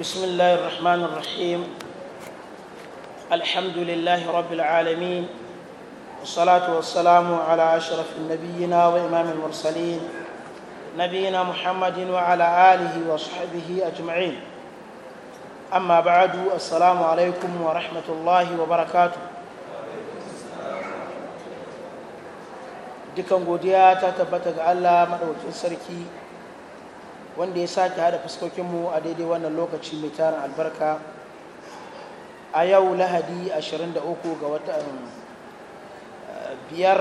بسم الله الرحمن الرحيم الحمد لله رب العالمين والصلاة والسلام على أشرف النبينا وإمام المرسلين نبينا محمد وعلى آله وصحبه أجمعين أما بعد السلام عليكم ورحمة الله وبركاته dukan godiya ta tabbata ga Allah sarki wanda ya sake hada fuskokinmu a daidai wannan lokaci mai tarin albarka a yau lahadi 23 ga watan eh, biyar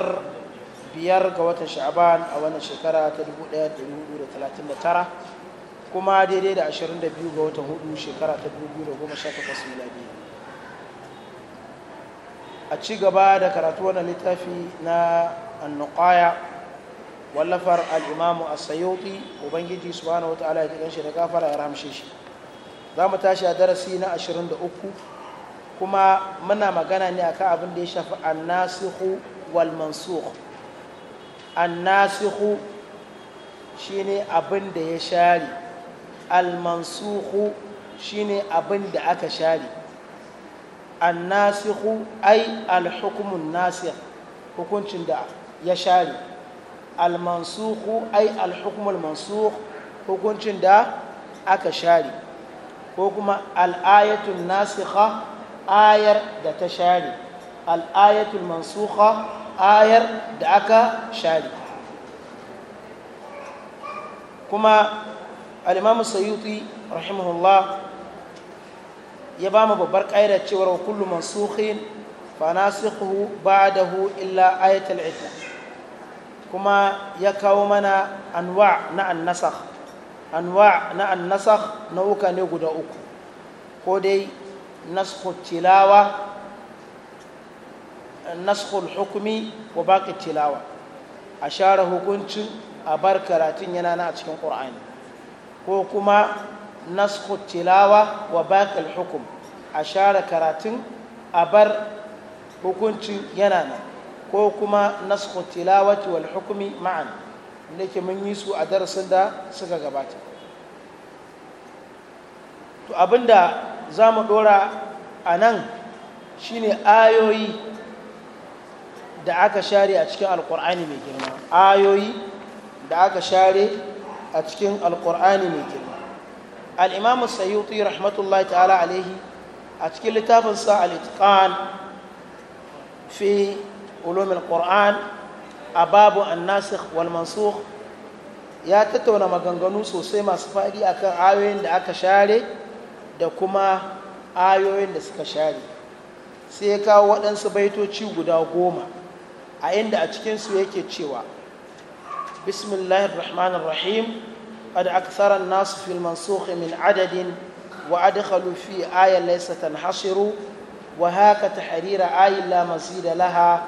biyar ga watan sha'aban a wannan shekara ta 1,139 kuma daidai da 22 ga watan hudu shekara ta 2018 miladi a ci gaba da karatu wannan littafi na annukaya. wallafar al'imamu a sayoti ubangiji subhanahu wata'ala ya kiɗan shi da gafara ya ramshe shi za mu tashi a darasi na 23 kuma muna magana ne akan abin da ya shafi annasihu wal nasihu annasihu ne abin da ya share al shi ne abin da aka share annasihu ai al nasir hukuncin da ya share almansuhu ai alhukumul mansuh hukuncin da aka share ko kuma al'ayatun nasikha ayar da ta share al'ayatul mansuha ayar da aka share kuma al'imamu sayuti rahimahullah ya ba mu babbar ƙaida cewar kullum mansuhin fa nasikhu ba'dahu illa ayatul idda kuma ya kawo mana anwa na an anwa na annasakh nauka ne guda uku ko dai naskhu tilawa naskhu hukumi wa baqi tilawa a share hukuncin a bar karatun yana na a cikin ƙorani ko kuma naskhu tilawa wa baqi hukum a share karatun a bar hukuncin yana na ko kuma naskhu tilawati wal hukmi ma'an wanda ke mun yi su a darasin da suka gabata to abinda za mu dora a nan shine ayoyi da aka share a cikin alkur'ani mai girma ayoyi da aka share a cikin alkur'ani mai girma al'imamu sayyuti rahmatullahi ta'ala alaihi a cikin littafinsa al'itikan fi ulum al-qur'an a babu annasikh wal mansukh ya tattauna maganganu sosai masu faɗi akan ayoyin da aka share da kuma ayoyin da suka share sai ya kawo waɗansu baitoci guda goma a inda a cikinsu yake cewa bismillahir rahmanir rahim قد أكثر الناس في المنسوخ من عدد وأدخلوا في آية ليس تنحصر وهاك تحرير آية لا مزيد لها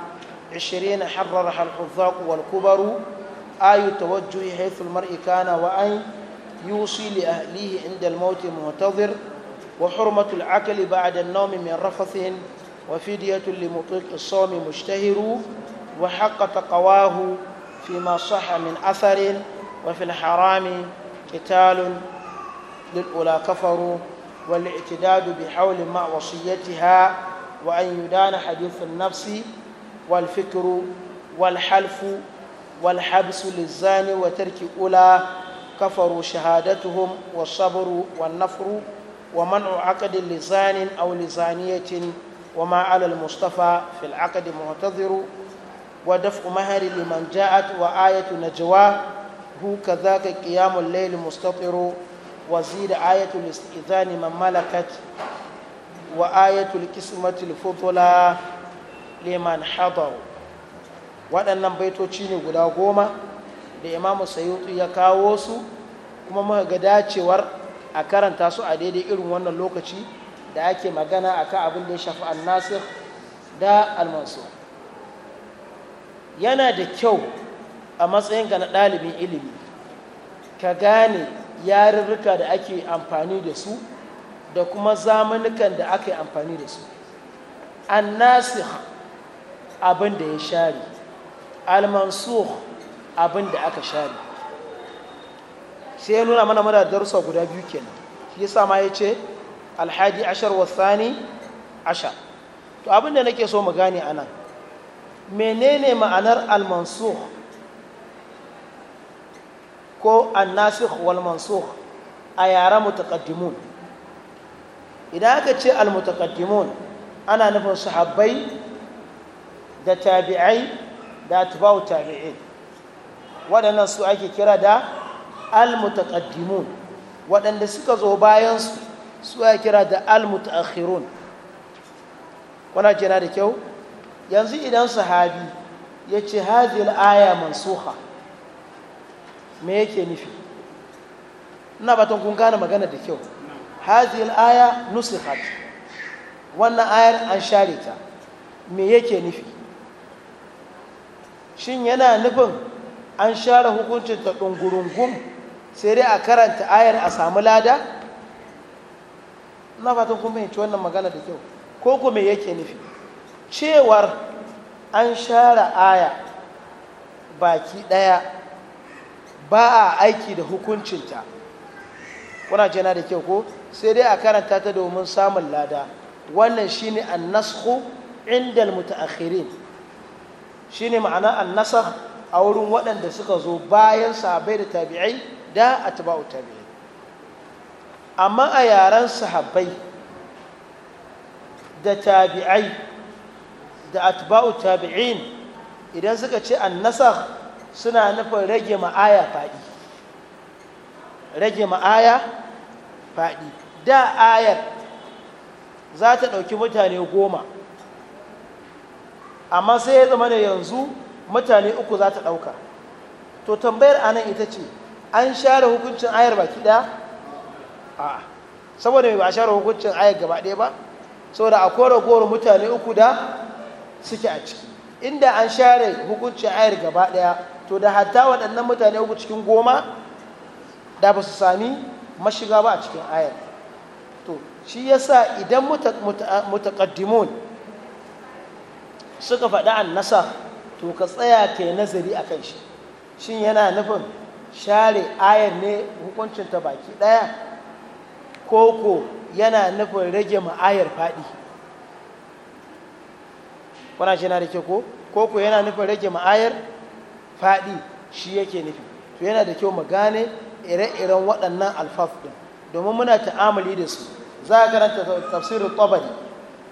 عشرين حررها الحفاق والكبر آي التوجه حيث المرء كان وأن يوصي لأهليه عند الموت معتذر وحرمة العقل بعد النوم من رفث وفدية لمطلق الصوم مشتهر وحق تقواه فيما صح من أثر وفي الحرام قتال للأولى كفروا والاعتداد بحول مع وصيتها وأن يدان حديث النفس والفكر والحلف والحبس للزان وترك أولى كفروا شهادتهم والصبر والنفر ومنع عقد لزان أو لزانية وما على المصطفى في العقد معتذر ودفع مهر لمن جاءت وآية نجواه هو كذاك قيام الليل مستطر وزيد آية الاستئذان من ملكت وآية القسمة الفضلى liman hadaru waɗannan baitoci ne guda goma da imamu sayutu ya kawo su kuma muka ga dacewar a karanta su a daidai irin wannan lokaci da ake magana a ka abin da ya shafi annasir da almansu yana da kyau a matsayinka na ɗalibin ilimi ka gane yarurruka da ake amfani da su da kuma zamanukan da aka yi amfani da su annasir abin da ya share almansur abin da aka share sai ya nuna mana mana darsa guda biyu kenan shi yasa ya ce alhaji ashar wasani ashar to abin da nake so mu gane anan menene ma'anar almansur ko annasikh wal mansukh a yara mutaqaddimun idan aka ce al ana nufin sahabbai da tabi'ai da atba'u tabi'in waɗannan su ake kira da al-mutaqaddimun waɗanda suka zo bayansu su su ake kira da al-mutaakhirun kuna jira da kyau yanzu idan sahabi ya ce hadhihi al-aya mansukha me yake nufi ina batun kun gane magana da kyau hadhihi aya nusikhat wannan ayar an share ta me yake nufi shin yana nufin an share hukuncin ta ɗungurungun sai dai a karanta ayar a samu lada na fatan kun fahimci wannan magana da kyau ko kuma yake nufi cewar an share aya baki ɗaya ba a aiki da hukuncinta kuna jana da kyau ko sai dai a karanta ta domin samun lada wannan shine an nasku inda mutaakhirin shine ma'ana annasar a wurin waɗanda suka zo bayan sahabbai da tabi'ai da taba'u tabi'ai amma a yaren sahabai da tabi'ai da atba'u tabi'in idan suka ce annasar suna nufin rage ma'aya faɗi rage ma'aya faɗi da ayar za ta ɗauki mutane goma amma sai ya zama ne yanzu mutane uku za ta ɗauka to tambayar a nan ita ce an share hukuncin ayar baki ɗaya a saboda mai ba a share hukuncin ayar gaba ɗaya ba saboda a kore kore mutane uku da suke a ciki inda an share hukuncin ayar gaba ɗaya to da hatta waɗannan mutane uku cikin goma da ba su sami mashiga ba a cikin ayar to shi yasa idan mutakaddimun suka faɗi an annasa to ka tsaya ka yi nazari a kan shi shin yana nufin share ayar ne hukuncin ta baki ɗaya koko yana nufin rage ma'ayar faɗi kuna shi na da kyau ko koko yana nufin rage ma'ayar faɗi shi yake nufi to yana da kyau mu gane ire-iren waɗannan alfaf ɗin domin muna ta'amali da su za a karanta tafsirin tabari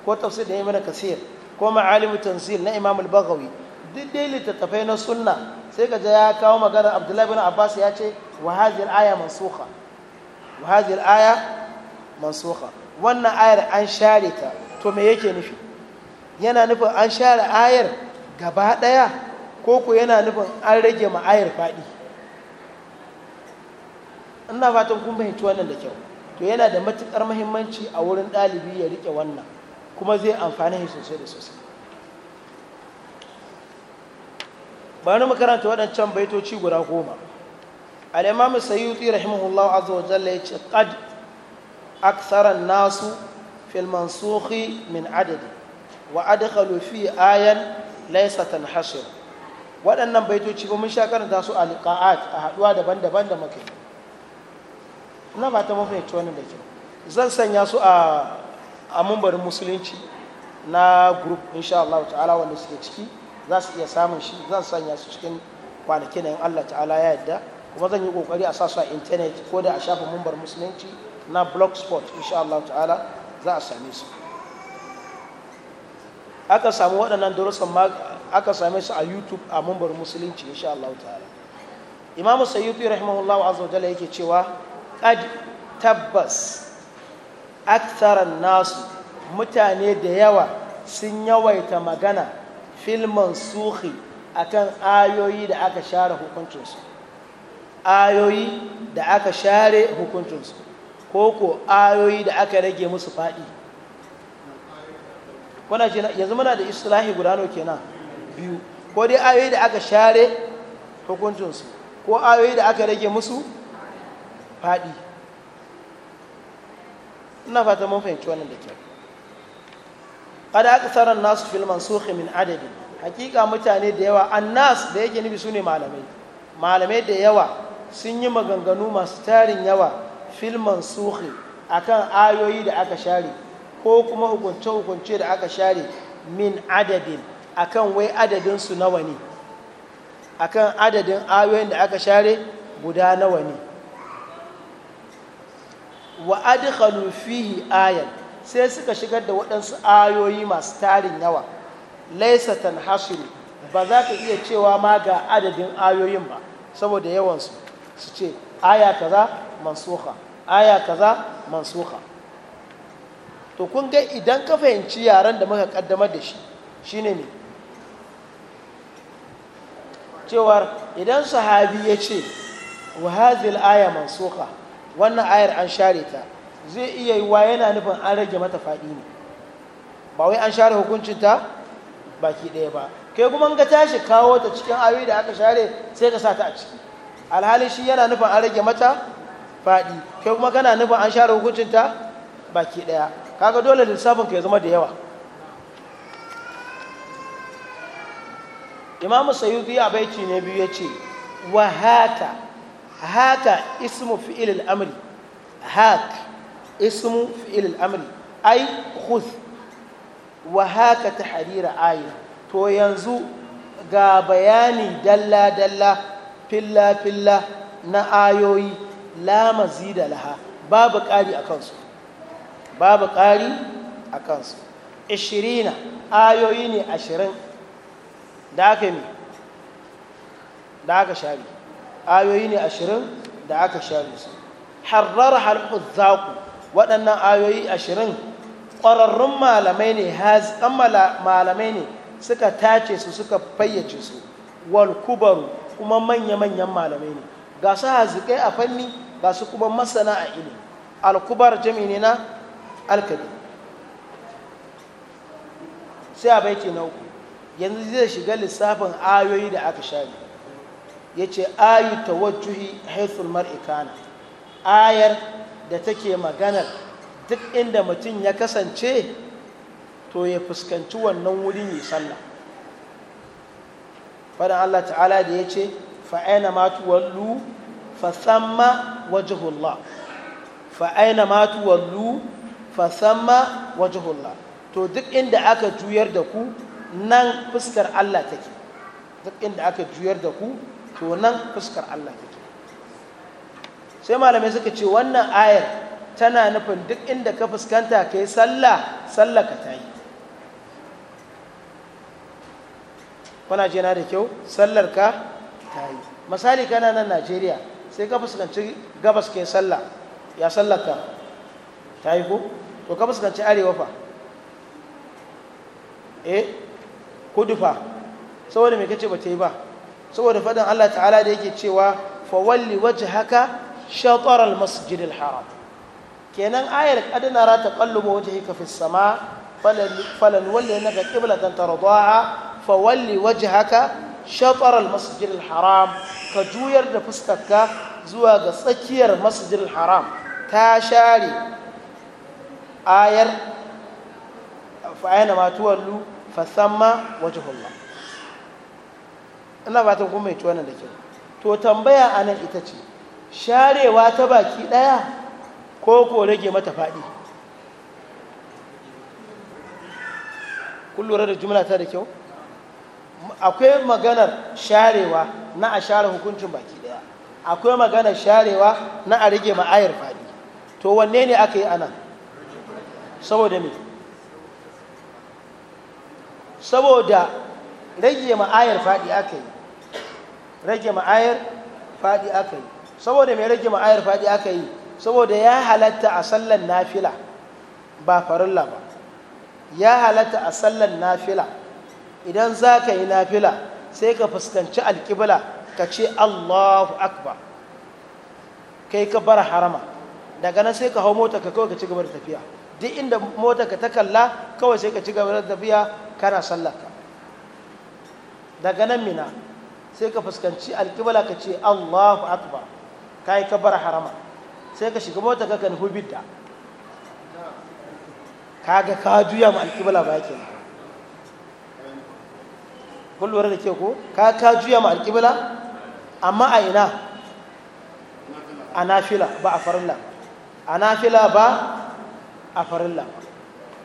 ko tafsir da ya mana kasir ko ma'alimu tanzil na imam al-baghawi duk dai littattafai na sunna sai ka ja ya kawo magana, abdullahi bin abbas ya ce wa hadhihi al-aya mansukha wa hadhihi al-aya mansukha wannan ayar an share ta to me yake nufi yana nufin an share ayar gaba daya ko ko yana nufin an rage ma ayar fadi ina fatan kun fahimci wannan da kyau to yana da matukar muhimmanci a wurin ɗalibi ya rike wannan kuma zai amfani shi sosai da sosai bani makaranta waɗancan baitoci guda goma al'imam sayyuti rahimahullah azza wa jalla ya ce qad nasu fil mansukhi min adadi wa adkhalu fi ayan laysa tanhasir waɗannan baitoci ba mun sha karanta su a liqa'at a haɗuwa daban-daban da ba ta mafi wannan da zan sanya su a a mumbarin musulunci na group insha Allah ta'ala wanda suke ciki za su iya samun shi zan sanya su cikin kwanakin yin Allah ta'ala ya yadda kuma zan yi kokari a sasu a intanet ko da a shafin mumbar musulunci na blogspot insha Allah ta'ala za a same su aka samu waɗannan darussan ma aka same su a youtube a mumbar musulunci insha Allah ta'ala imamu sayyidi rahimahullahu azza yake cewa qad tabbas aktharan nasu mutane da yawa sun yawaita magana filman suhi akan ayoyi da aka share hukuncinsu ayoyi da aka share hukuncinsu ko ko ayoyi da aka rage musu faɗi kuna ce yanzu muna da islahi guda nawa kenan biyu ko dai ayoyi da aka share hukuncinsu ko ayoyi da aka rage musu faɗi ina fata mun fahimci wannan da kyau kada aksara nasu fil mansukh min adadi hakika mutane da yawa annas da yake su ne malamai malamai da yawa sun yi maganganu masu tarin yawa fil mansukh akan ayoyi da aka share ko kuma hukunce hukunce da aka share min adadin akan wai adadin nawa ne akan adadin ayoyin da aka share guda nawa ne wa adkhalu fihi ayan sai suka shigar da waɗansu ayoyi masu tarin yawa laisa hasiru ba za ka iya cewa ma ga adadin ayoyin ba saboda yawansu su ce aya kaza mansuha aya kaza mansuha to kun ga idan ka fahimci yaren da muka kaddamar da shi shine ne cewar idan sahabi ya ce wa hazil aya mansuha wannan ayar an share ta zai iya yi wa yana nufin an rage mata faɗi ne ba wai an share hukuncinta baki ɗaya ba kai kuma ga tashi kawo ta cikin ayoyi da aka share sai ka sa ta a ciki alhali shi yana nufin an rage mata faɗi kai kuma kana nufin an share hukuncinta baki ɗaya kaga dole lissafin ka ya zama da yawa imamu biyu a baiti ne biyu ya ce wahata haka ismu fi'il al-amri hak ismu fi'il amri ai khudh wa haka tahrira ayin to yanzu ga bayani dalla dala filla filla na ayoyi la da laha babu ƙari a kansu babu ƙari a ayoyi ne ashirin da shari ayoyi ne ashirin da aka share su harrar halhuzzaku waɗannan ayoyi ashirin ƙwararrun malamai ne haziƙan malamai ne suka tace su suka fayyace su wal kuma manya-manyan malamai ne ga su haziƙai a fanni ga su kuma masana a ilimi alkubar jami na alkabi sai a baiti na uku yanzu zai shiga lissafin ayoyi da aka share ya ce ayu tawajjuhi haithul mar'i ayar da take maganar duk inda mutum ya kasance to ya fuskanci wannan wurin ne sallah faɗin Allah ta'ala da ya ce fa'aina matu wallu fasamma wajihullah fa'aina matu wallu fasamma wajihullah to duk inda aka juyar da ku nan fuskar Allah take duk inda aka juyar da ku to nan fuskar Allah take sai malamai suka ce wannan ayar tana nufin duk inda ka fuskanta ka yi sallah sallah ka ta yi kuna jina da kyau sallar ka ta yi misali kana nan najeriya sai ka fuskanci gabas ke sallah ya sallar ka ta yi ko to ka fuskanci arewa fa eh kudu fa saboda me kace ba ta yi ba saboda faɗin Allah ta'ala da yake cewa fawalli wajhaka shatar al-masjid haram kenan ayar adana ra ta qallubu wajhika fi sama falan walli naka qiblatan tardaha fawalli wajhaka shatar al-masjid haram ka juyar da fuskarka zuwa ga tsakiyar masjid haram ta share ayar fa aina ma tuwallu fa ina ba ta kuma mai wannan da kyau to tambaya a nan ita ce sharewa ta baki ɗaya ko ko rage mata faɗi kun lura da jumla ta da kyau akwai maganar sharewa na a share hukuncin baki ɗaya akwai maganar sharewa na a rage ma'ayar faɗi to wanne ne aka yi anan saboda me saboda rage ma'ayar faɗi aka yi rage ma'ayar faɗi aka yi saboda mai rage ma'ayar faɗi aka yi saboda ya halatta a sallan nafila ba farilla ba ya halatta a sallan nafila idan za ka yi nafila sai ka fuskanci alƙibla ka ce allahu akbar kai ka bar harama daga nan sai ka hau mota ka kawai ka ci gaba da tafiya duk inda mota ka ta kalla kawai sai ka ci gaba da tafiya kana sallaka. daga nan mina sai ka fuskanci alkibala ka ce Allahu akbar ka ka bar harama sai ka shiga mota ka kan hubidda kaga ka juya ma alkibala ba yake kun da ke ko ka ka juya ma alkibala amma a ina a nafila ba a farilla a nafila ba a farilla la.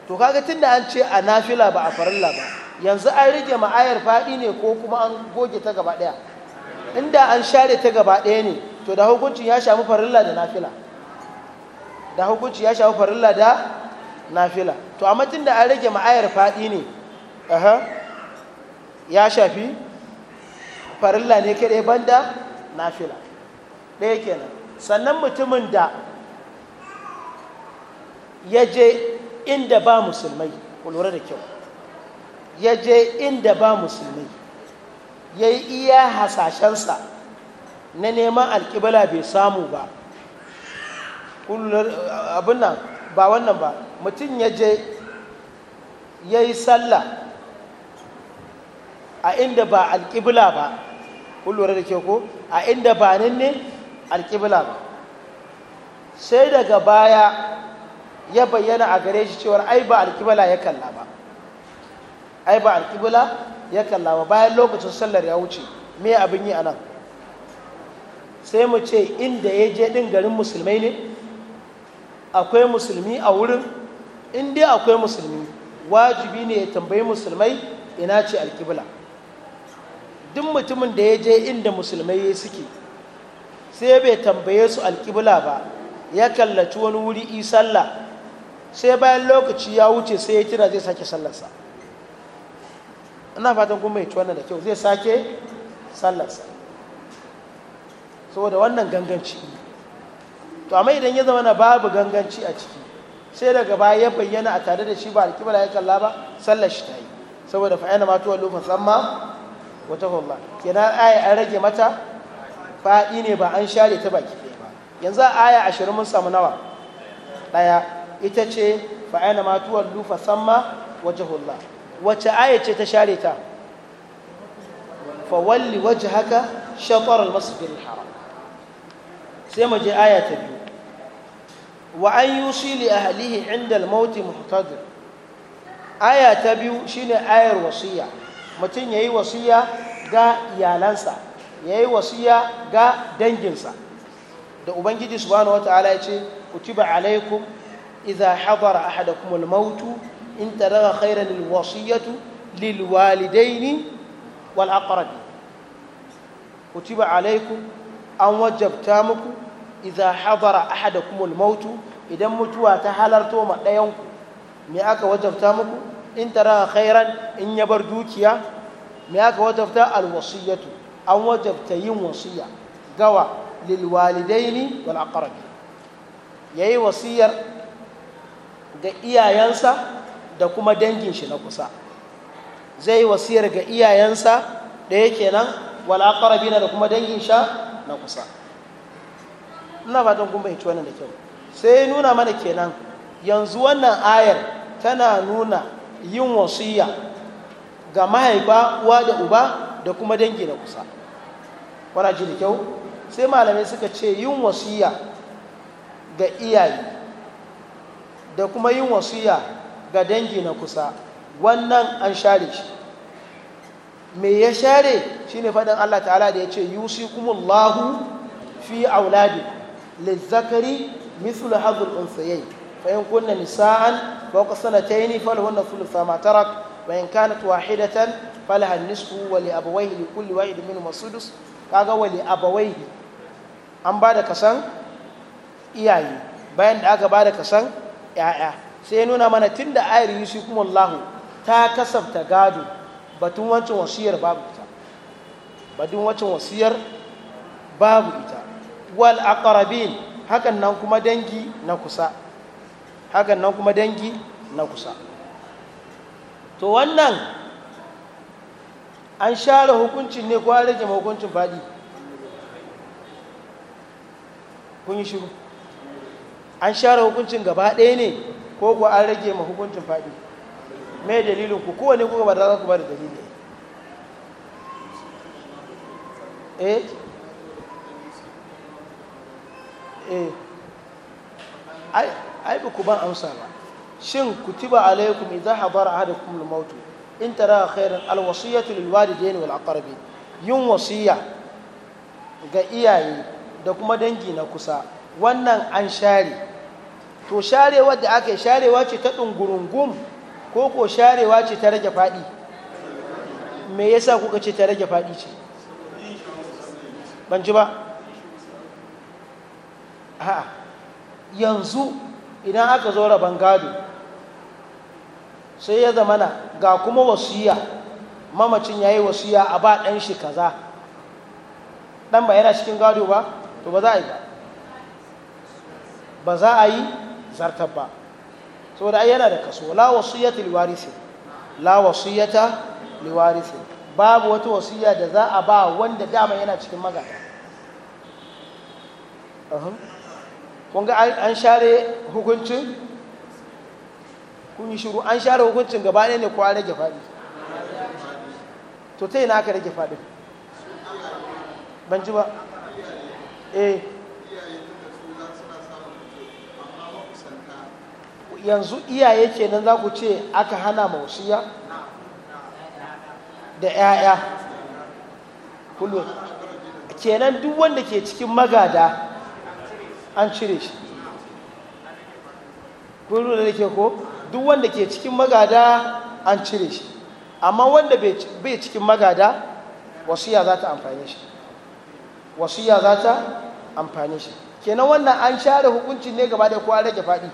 to kaga tunda an ce a nafila ba a farilla ba yanzu an rage ma'ayar faɗi ne ko kuma an goge ta gaba ɗaya inda an share ta gaba ɗaya ne to da hukuncin ya shafi farilla da nafila da hukuncin ya shafi farilla da nafila to amma tun da an rage ma'ayar faɗi ne ya shafi farilla ne kaɗai banda nafila ɗaya kenan sannan mutumin da ya je inda ba musulmai lura da kyau ya je inda ba musulmi ya yi iya hasashensa na neman alƙibala bai samu ba abin nan ba wannan ba mutum ya je ya yi sallah a inda ba alƙibla ba kullum da ke ko a inda ba ninne ne ba sai daga baya ya bayyana a gare shi cewar ai ba alƙibla ya kalla ba ai ba alƙibla ya kalla ba bayan lokacin sallar ya wuce me abin yi a nan sai mu ce inda ya je ɗin garin musulmai ne akwai musulmi a wurin in dai akwai musulmi wajibi ne ya tambayi musulmai ina ce alƙibla duk mutumin da ya je inda musulmai suke sai bai tambaye su alƙibla ba ya kallaci wani wuri isalla sai bayan lokaci ya wuce sai ya kira zai sake sallarsa ana fatan kuma ya ci wannan da kyau zai sake sallarsa saboda wannan ganganci to amma idan ya zama na babu ganganci a ciki sai daga baya ya bayyana a tare da shi ba alkibla ya kalla ba sallar shi ta yi saboda fa'ina na matuwa lufa samma wata hulla kenan aya an rage mata fa'i ne ba an share ta baki ɗaya ba yanzu aya ashirin mun samu nawa ɗaya ita ce fa'ina na matuwa lufa samma wata hulla Wace aya ce ta share ta fawalli waje haka shatar almasjid haram sai mu je aya ta biyu wa an yusi li ahlihi inda almauti muhtadir aya ta biyu shine ayar wasiya mutum yayi wasiya ga iyalansa yayi wasiya ga danginsa da ubangiji subhanahu wataala ya ce kutiba alaikum iza hadara ahadakum almautu in taraga khairan alwasiyatu lilwalidaini wal aqrabi kutiba alaikum an wajabta muku idza hadara ahadakum almaut idan mutuwa ta halarto ma dayan ku me aka wajabta muku in taraga khairan in ya bar dukiya me aka wajabta alwasiyatu an wajabta yin wasiya gawa lilwalidaini wal aqrabi yayi wasiyar ga iyayensa da kuma dangin shi na kusa zai yi wasiyar ga iyayensa da yake nan wal'aƙarabina da kuma dangin sha na kusa ina fatan kun bai wannan da kyau sai nuna mana kenan yanzu wannan ayar tana nuna yin wasiya ga mahaifa uwa da uba da kuma dangi na kusa wana ji da kyau sai malamai suka ce yin wasiya ga iyaye da kuma yin wasiya ga dangi na kusa wannan an share shi me ya share shine faɗin Allah ta'ala da ya ce yusikumullahu fi auladi lizzakari mithlu hadhul unsayayn fa kunna nisaan fawqa sanatayn falahunna thulutha ma tarak wa kanat wahidatan falaha nisfu wa li abawayhi li kulli wahid minhum sudus kaga wa li abawayhi an bada kasan iyaye bayan da aka bada kasan 'ya'ya sai ya nuna mana tun da ayar kuma Allahu ta kasafta gado batun wancan wasiyar babu ita batun wancan wasiyar babu ita wal akarabin hakan nan kuma dangi na kusa hakan nan kuma dangi na kusa to wannan an share hukuncin ne kwa rage hukuncin fadi? kun yi shiru an share hukuncin gaba ɗaya ne ko ku an rage ma hukuncin faɗi mai dalilin ku kowane kuka ba za ku ba da dalili eh eh ai ba ku ban amsa ba shin kutiba alaikum idza hadara hada al-maut in tara khairan al-wasiyatu lil walidayn wal aqrabin yin wasiya ga iyaye da kuma dangi na kusa wannan an share to sharewar da aka yi sharewa ce ta ɗungurungun ko ko sharewa ce ta rage faɗi me yasa kuka ce ta rage faɗi ce ban ba a'a yanzu idan aka zo rabon gado sai ya zamana ga kuma wasiya mamacin ya yi wasiya a ba ɗan shi kaza ɗan ba yana cikin gado ba to ba za a yi ba ba za a yi zartar ba saboda ai yana da kaso la wasiyata liwarisi la wasiyata liwarisi babu wata wasiya da za a ba wanda dama yana cikin magada kun ga an share hukuncin kun yi shiru an share hukuncin gaba ne ne kwa an rage faɗi to ta yi na aka rage faɗi ban ji ba eh yanzu iyaye kenan za ku ce aka hana mausiya da 'ya'ya kullum kenan duk wanda ke cikin magada an cire shi Kulu da ke ko duk wanda ke cikin magada an cire shi amma wanda bai cikin magada wasiya za ta amfani shi wasiya za ta amfani shi kenan wannan an share hukuncin ne gaba da kowa rage faɗi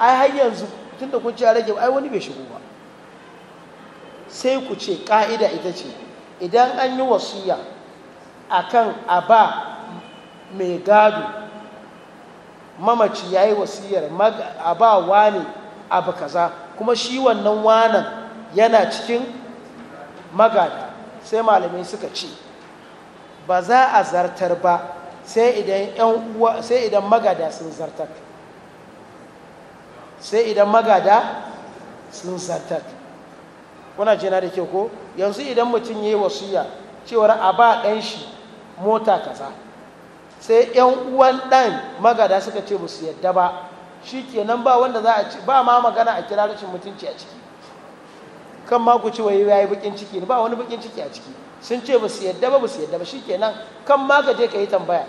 ai har yanzu tunda kun ci rage ai wani bai shigo ba sai ku ce ka'ida ita ce idan an yi wasiya kan a ba mai gado mamaci ya yi wasiyar a ba wane abu kaza kuma shi wannan wanan yana cikin magada sai malamai suka ce ba za a zartar ba sai idan magada sun zartar sai idan magada sun zartar kuna jina da ke ko yanzu idan mutum ya yi wasiya cewar a ba ɗan shi mota kaza sai yan uwan ɗan magada suka ce musu yadda ba shi kenan ba wanda za a ci ba ma magana a kira rashin mutunci a ciki kan ma ku ci wa yi bukin ciki ba wani bukin ciki a ciki sun ce musu yadda ba musu yadda ba shi nan kan ma ka je ka yi tambaya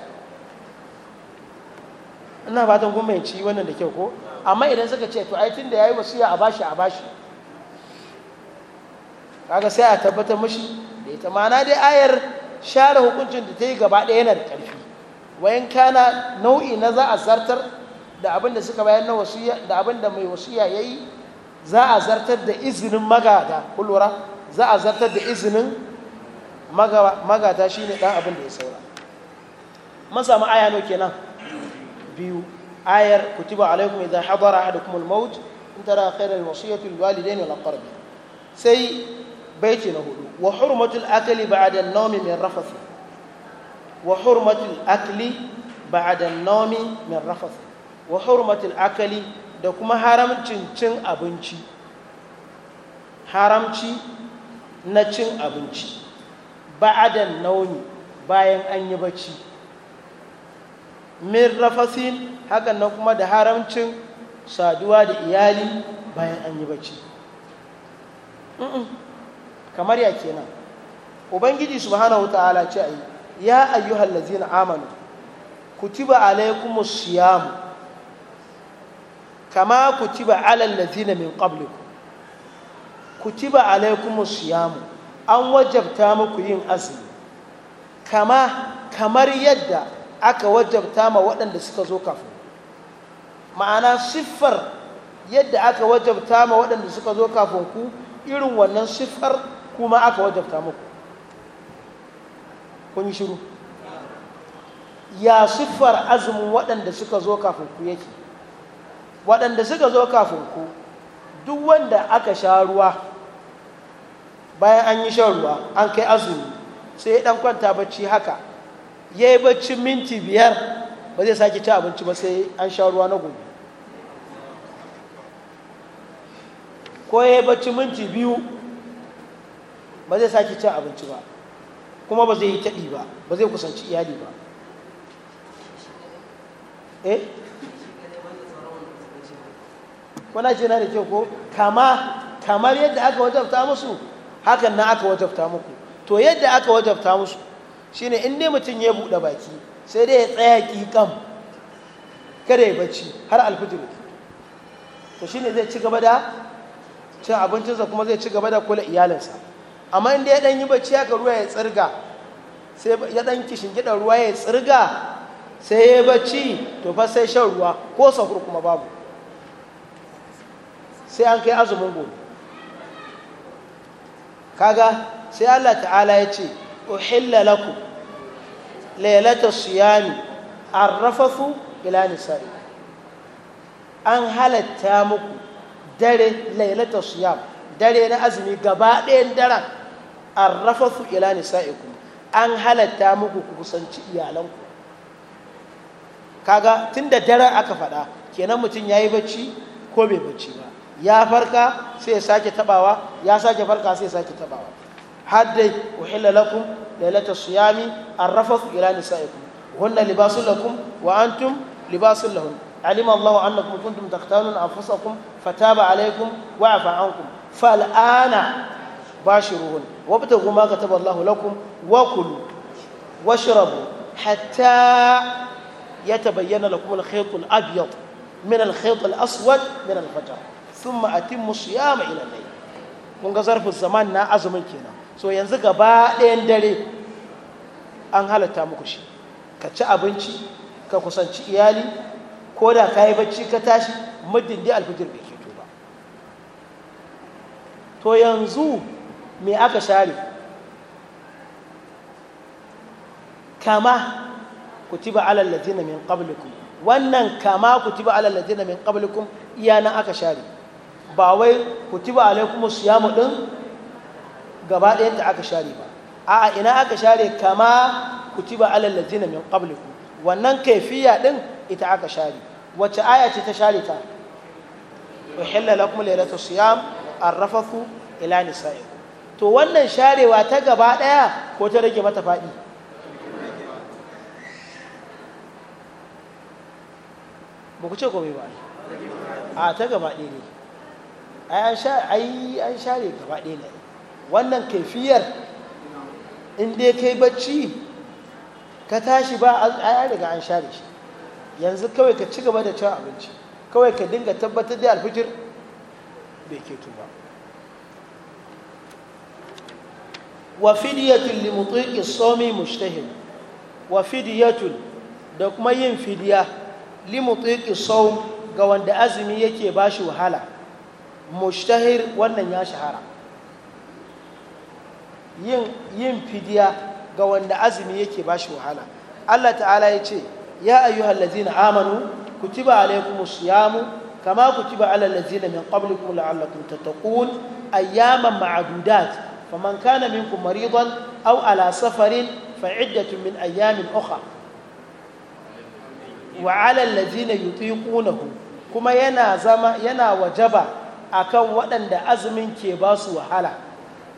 ina fatan kun ci wannan da kyau ko amma idan suka ce to da ya yi wasu ya a bashi a bashi kaga sai a tabbatar mashi da ita mana dai ayar share hukuncin da ta yi gaba ɗaya yana da ƙarfi wayan kana nau'i na za a zartar da abin da suka bayar na da abin da mai wasu ya yi za a zartar da izinin magada kulura za a zartar da izinin magata shine dan abin da ya saura mun samu aya nau kenan biyu ayar kutiba alaikum idza hadara ahadukum al-maut in tara khayra al-wasiyatu lil walidayn wal aqrabin sai baiti na hudu wa hurmatul akli ba'da an-nawmi min rafath wa hurmatul akli ba'da an-nawmi min rafath wa hurmatul akli da kuma haramcin cin abinci haramci na cin abinci ba'adan nauni bayan an yi bacci min rafasin hakan nan kuma da haramcin saduwa da iyali bayan an yi bacci kamar ya kenan ubangiji subhanahu ta'ala ce ai ya ayyuhal ladzina amanu kutiba alaykumus siyam kama kutiba alal ladzina min qablikum kutiba alaykumus siyam an wajabta muku yin azumi kama kamar yadda aka wajabta ma waɗanda suka zo kafin ma'ana siffar yadda aka wajabta ma waɗanda suka zo kafin ku irin wannan siffar kuma aka wajabta muku kun yi shiru ya siffar azumin waɗanda suka zo kafin ku yake waɗanda suka zo kafin ku duk wanda aka sha ruwa bayan an yi shan ruwa an kai azumi sai ya ɗan kwanta bacci haka ya yi bacci minti biyar ba zai sake ci abinci ba sai an sha ruwa na gobe ko ya yi bacci minti biyu ba zai sake ci abinci ba kuma ba zai yi taɗi ba ba zai kusanci iyali ba eh kuna ce na da kyau ko kama kamar yadda aka wajabta musu hakan na aka wajabta muku to yadda aka wajabta musu shi in dai mutum ya buɗe baki sai dai ya tsaya ƙiƙam kada ya bacci har alfijir to ne zai ci gaba da cin abincinsa kuma zai ci gaba da kula iyalinsa amma inda dai ya ɗan yi bacci ga ruwa ya tsirga sai ya ɗan kishin gidan ruwa ya tsirga sai ya bacci to fa sai shan ruwa ko sahur kuma babu sai an kai azumin gobe kaga sai Allah ta'ala ya ce أحل لكم ليلة الصيام الرفث إلى نسائكم an halatta muku dare lailatul siyam dare na azumi gaba ɗayan daren an rafasu ila nisa'ikum an halatta muku ku kusanci iyalanku kaga tun da daren aka faɗa kenan mutum ya yi bacci ko bai bacci ba ya farka sai ya sake tabawa ya sake farka sai ya sake tabawa hadda uhilla lakum lailatal siyami arrafath ila nisaikum hunna libasun lakum wa antum libasun lahun alima Allahu annakum kuntum takhtanun anfusakum fataba alaykum wa afa ankum fal ana bashiruhun wabtaghu ma kataba Allahu lakum wa kulu washrabu hatta yatabayyana lakum al-khayt al-abyad min al-khayt al-aswad min al-fajr thumma atimmu siyama ila al kun ga zarfin zaman na azumin kenan so yanzu gaba ɗayan dare an halatta muku shi ka ci abinci ka kusanci iyali ko da ka yi bacci ka tashi muddin dai alfijir bai ke ba to yanzu me aka share kama kutiba alal ladina min qablikum wannan kama kutiba alal ladina min qablikum iya aka share ba wai kutiba alaikum siyamu din gaba ɗayanta aka share ba a'a ina aka share kama kutiba alal ladzina min qablikum wannan kaifiya din ita aka share wacce aya ce ta share ta uhilla lakum laylatu siyam arrafathu ila nisaikum to wannan sharewa ta gaba ɗaya ko ta rage mata faɗi ba ku ce komai ba a ta gaba ɗaya ne ai an share gaba ɗaya ne wannan kaifiyar in dai kai bacci ka tashi ba a daga an share shi yanzu kawai ka ci gaba da cin abinci kawai ka dinga tabbatar da alfijir bai keto ba wa limutuƙi somi mushtahim wa da kuma yin fidiya limutuƙi som ga wanda azumi yake ba shi wahala mushtahir wannan ya shahara yin fidiya ga wanda azumi yake ba shi wahala Allah ta'ala ya ce ya ayyuhal ladzina amanu kutiba alaykumus siyamu kama kutiba alal ladzina min qablikum la'allakum tattaqun ayyaman ma'dudat faman kana minkum maridan aw ala safarin fa'iddatu min ayyamin ukhra wa alal ladzina yutiqunahu kuma yana zama yana wajaba akan waɗanda azumin ke ba su wahala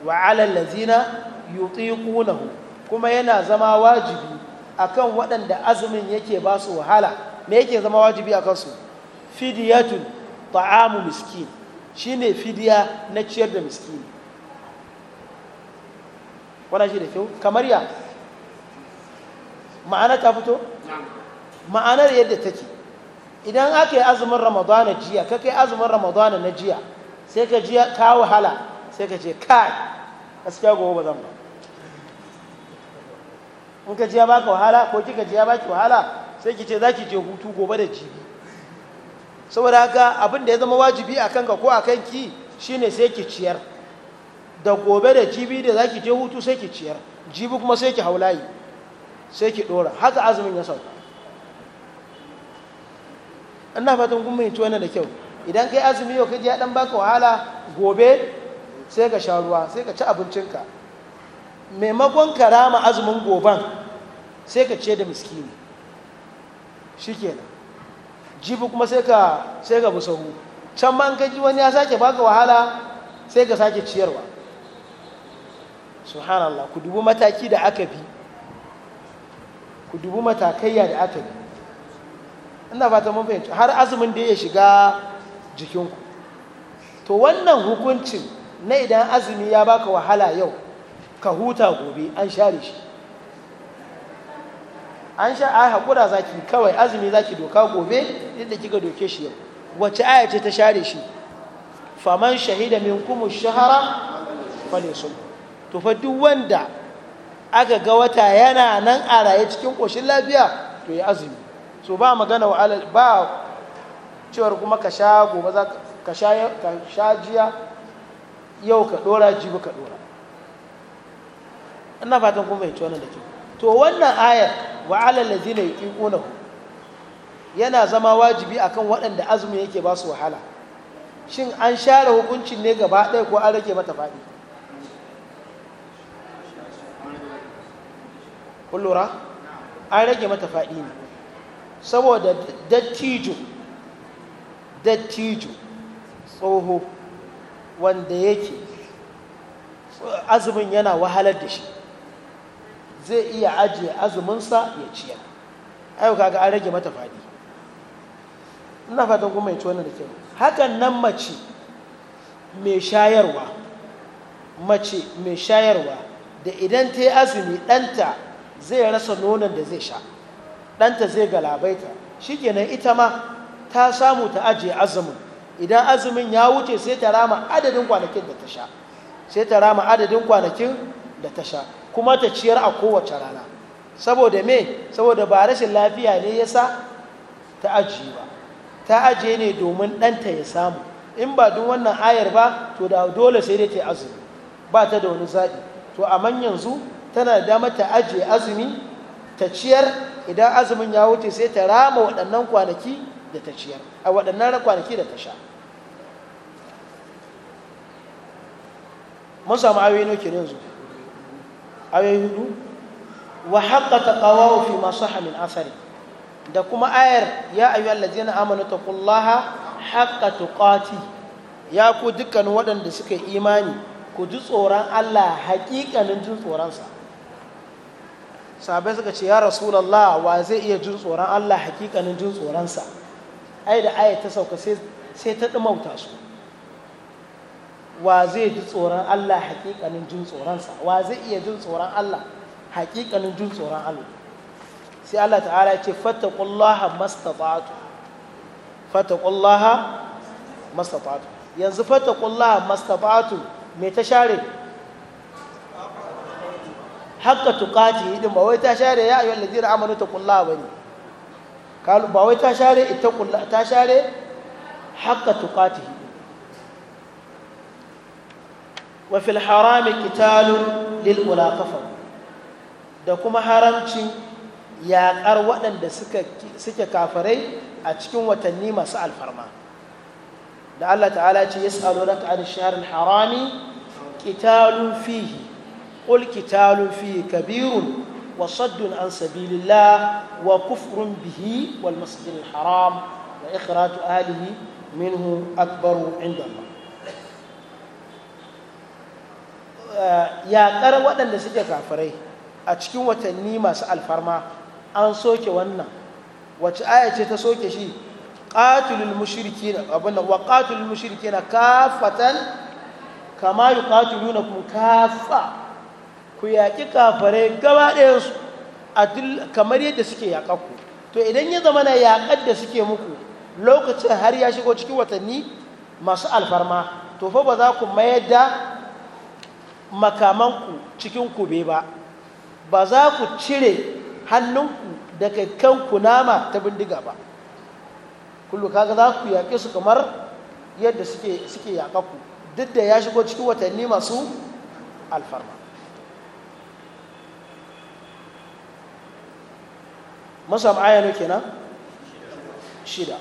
wa Lazina ladzina yutiqunahu kuma yana zama wajibi akan waɗanda azumin yake ba su wahala me yake zama wajibi akan su fidyatun ta'amu miskin shine fidiya na ciyar da miskin. wannan shi da kyau kamar ya ma'ana ta fito ma'anar yadda take idan aka yi azumin ramadana jiya ka kai azumin ramadana na jiya sai ka jiya ka wahala sai ka ce kai gaskiya gobe ba zan ba in ka jiya ya baka wahala ko kika jiya ya baki wahala sai ki ce za ki je hutu gobe da jibi saboda haka abin da ya zama wajibi a kanka ko a kanki ne sai ki ciyar da gobe da jibi da za ki je hutu sai ki ciyar jibi kuma sai ki haulayi sai ki dora haka azumin ya sauka ina fatan kun mahimci wannan da kyau idan kai azumi yau kai ya dan baka wahala gobe sai ka sha ruwa sai ka ci abincinka maimakon ka rama azumin goban sai ka ce da miskini shikenan jibi kuma sai ka sai ka busahu can ma ka wani ya sake baka wahala sai ka sake ciyarwa subhanallah ku dubi mataki da aka bi ku dubi matakaiya da aka bi ina fata mun fahimci har azumin da ya shiga jikinku to wannan hukuncin na idan azumi ya baka wahala yau ka huta gobe an share shi an sha haƙura za zaki kawai azumi zaki doka gobe yadda kika doke shi yau wace aya ce ta share shi faman shahida kuma shahara shahra falyasum to fa duk wanda aka ga wata yana nan a raye cikin koshin lafiya to ya azumi so ba magana wa ba cewar kuma ka sha gobe za ka sha jiya yau ka dora jibi ka dora ina fatan kuma ya wannan da ke to wannan ayar wa alal ladina yuqinuhu yana zama wajibi akan waɗanda azumi yake ba su wahala shin an share hukuncin ne gaba ɗaya ko an rage mata faɗi kullura an rage mata faɗi ne saboda dattijo dattijo tsoho wanda yake azumin yana wahalar da shi zai iya ajiye azuminsa ya ciyar ayo kaga an rage mata fadi ina fatan kuma ya ci wannan da kyau hakan nan mace mai shayarwa mace mai shayarwa da idan ta yi azumi ɗanta zai rasa nonon da zai sha ɗanta zai galabaita shikenan ita ma ta samu ta ajiye azumin idan azumin ya wuce sai ta rama adadin kwanakin da ta sha sai ta rama adadin kwanakin da ta sha kuma ta ciyar a kowace rana saboda me saboda ba rashin lafiya ne ya sa ta ajiye ba ta ajiye ne domin ɗanta ya samu in ba duk wannan ayar ba to da dole sai dai ta yi azumi ba ta da wani zaɓi to a man yanzu tana da damar ta ajiye azumi ta ciyar idan azumin ya wuce sai ta rama waɗannan kwanaki da ta ciyar a waɗannan kwanaki da ta sha mun samu ayoyi ne kenan yanzu ayoyi hudu wa ta qawawu fi ma sahha min da kuma ayar ya ayyuhal ladzina amanu taqullaha haqqa tuqati ya ku dukkan waɗanda suka imani ku ji tsoron Allah haƙiƙanin jin tsoronsa sabai suka ce ya rasulallah wa zai iya jin tsoron Allah haƙiƙanin jin tsoronsa ai da ayat ta sauka sai ta ɗumauta su wa zai ji tsoron Allah haƙiƙanin jin tsoronsa wa zai iya jin tsoron Allah haƙiƙanin jin tsoron Allah sai Allah ta'ala ce fattaqullaha mastata'tu fattaqullaha mastata'tu yanzu fattaqullaha mastata'tu me ta share haqqa tuqati din ba wai ta share ya ayyuhal ladina amanu taqullaha bane ba wai ta share ita kulla ta share haqqa tuqatihi wa fil harami qitalun lil mulaqafa da kuma haramcin yaƙar waɗanda suke kafirai a cikin watanni masu alfarma da Allah ta'ala ce ya tsaro na ta'adar shaharar harami ƙitalun fihi ƙul ƙitalun fihi kabirun وصد عن سبيل الله وكفر به والمسجد الحرام وإخراج أهله منه أكبر عند الله ya ƙara waɗanda suke kafirai a cikin watanni masu alfarma an soke wannan wace aya ce ta soke shi ƙatulul mushriki na abin wa na kafatan kafa ku yaƙi kafarai gaba ɗayansu kamar yadda suke yaƙa ku to idan ya zama na yaƙar da suke muku lokacin har ya shigo cikin watanni masu alfarma to fa ba za ku mayar da makamanku cikin kube ba ba za ku cire hannunku daga kan kunama ta bindiga ba kullu kaga za ku yaƙe su kamar yadda suke yaƙa ku duk da ya shigo cikin watanni masu alfarma musab aya ne kenan shida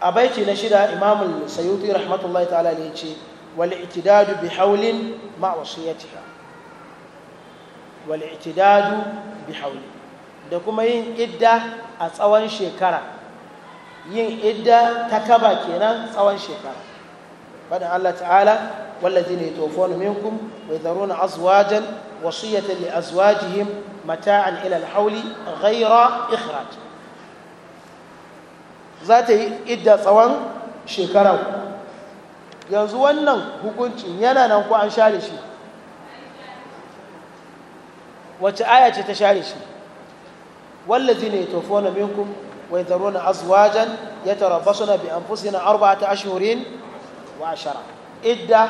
a baiti na shida imam sayuti rahmatullahi ta'ala ne ce wal bi haulin ma wasiyatiha wal itidadu bi haulin da kuma yin idda a tsawon shekara yin idda ta kaba kenan tsawon shekara faɗin Allah ta'ala wallazi ne tofon minkum wai zaruna azwajan wasiyatan li azwajihim mata'an ila alhauli ghaira ikhraj za ta yi idda tsawon shekara yanzu wannan hukuncin yana nan ko an share shi wace aya ce ta share shi wallazi ne tofona minkum wa yadharuna azwajan yatarabbasuna bi anfusina arba'ata ashhurin wa idda